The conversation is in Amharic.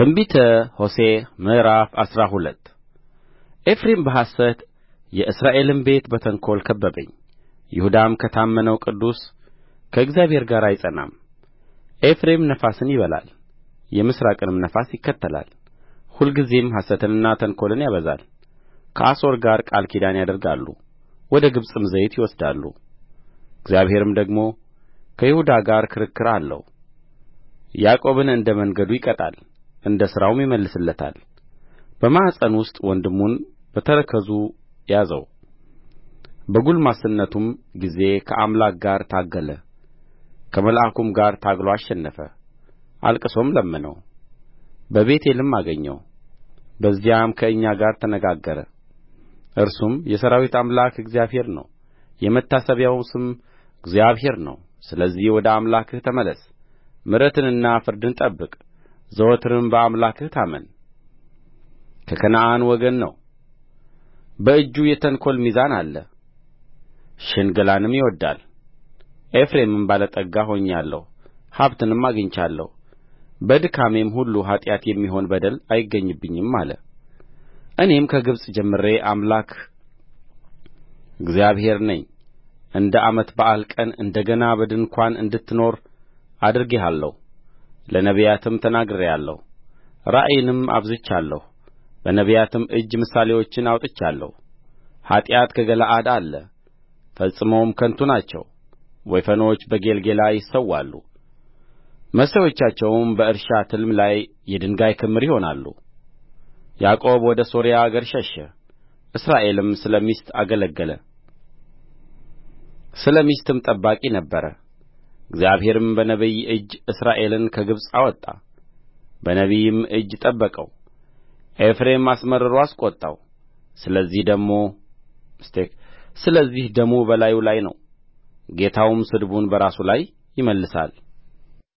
ትንቢተ ሆሴዕ ምዕራፍ አስራ ሁለት ኤፍሬም በሐሰት የእስራኤልም ቤት በተንኰል ከበበኝ ይሁዳም ከታመነው ቅዱስ ከእግዚአብሔር ጋር አይጸናም ኤፍሬም ነፋስን ይበላል የምሥራቅንም ነፋስ ይከተላል ሁልጊዜም ሐሰትንና ተንኰልን ያበዛል ከአሦር ጋር ቃል ኪዳን ያደርጋሉ ወደ ግብጽም ዘይት ይወስዳሉ እግዚአብሔርም ደግሞ ከይሁዳ ጋር ክርክር አለው ያዕቆብን እንደ መንገዱ ይቀጣል እንደ ሥራውም ይመልስለታል በማኅፀን ውስጥ ወንድሙን በተረከዙ ያዘው በጕልማስነቱም ጊዜ ከአምላክ ጋር ታገለ ከመልአኩም ጋር ታግሎ አሸነፈ አልቅሶም ለመነው በቤቴልም አገኘው በዚያም ከእኛ ጋር ተነጋገረ እርሱም የሠራዊት አምላክ እግዚአብሔር ነው የመታሰቢያው ስም እግዚአብሔር ነው ስለዚህ ወደ አምላክህ ተመለስ ምሕረትንና ፍርድን ጠብቅ ዘወትርም በአምላክህ ታመን ከከነዓን ወገን ነው በእጁ የተንኰል ሚዛን አለ ሽንገላንም ይወድዳል ኤፍሬምም ባለጠጋ ሆኛለሁ ሀብትንም አግኝቻለሁ በድካሜም ሁሉ ኃጢአት የሚሆን በደል አይገኝብኝም አለ እኔም ከግብጽ ጀምሬ አምላክ እግዚአብሔር ነኝ እንደ ዓመት በዓል ቀን እንደ ገና በድንኳን እንድትኖር አድርጌሃለሁ ለነቢያትም ተናግሬአለሁ ራእይንም አብዝቻለሁ በነቢያትም እጅ ምሳሌዎችን አውጥቻለሁ ኃጢአት ከገለዓድ አለ ፈጽመውም ከንቱ ናቸው ወይፈኖች በጌልገላ ይሠዋሉ መሠዊያዎቻቸውም በእርሻ ትልም ላይ የድንጋይ ክምር ይሆናሉ ያዕቆብ ወደ ሶርያ አገር ሸሸ እስራኤልም ስለ ሚስት አገለገለ ስለ ሚስትም ጠባቂ ነበረ እግዚአብሔርም በነቢይ እጅ እስራኤልን ከግብጽ አወጣ በነቢይም እጅ ጠበቀው ኤፍሬም አስመርሮ አስቈጣው ስለዚህ ደሙ በላዩ ላይ ነው ጌታውም ስድቡን በራሱ ላይ ይመልሳል